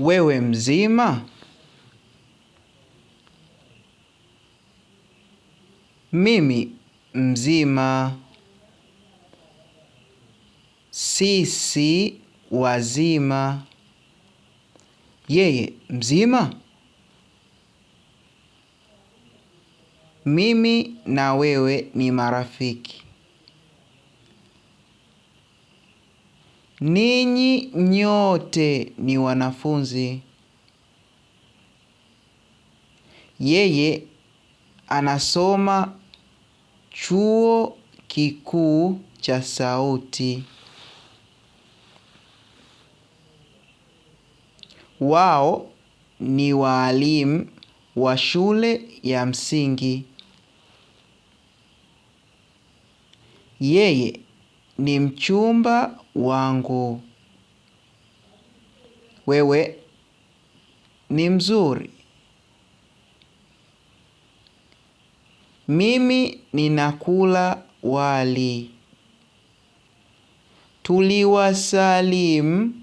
wewe mzima? Mimi mzima. Sisi wazima. Yeye mzima? Mimi na wewe ni marafiki. ninyi nyote ni wanafunzi. Yeye anasoma chuo kikuu cha sauti. Wao ni waalimu wa shule ya msingi. Yeye ni mchumba wangu. Wewe ni mzuri. Mimi ninakula wali. Tuliwasalimu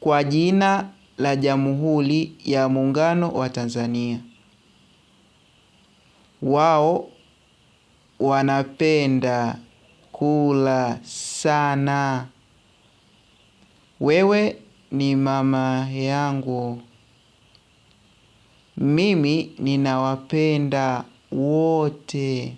kwa jina la Jamhuri ya Muungano wa Tanzania. Wao wanapenda kula sana. Wewe ni mama yangu. Mimi ninawapenda wote.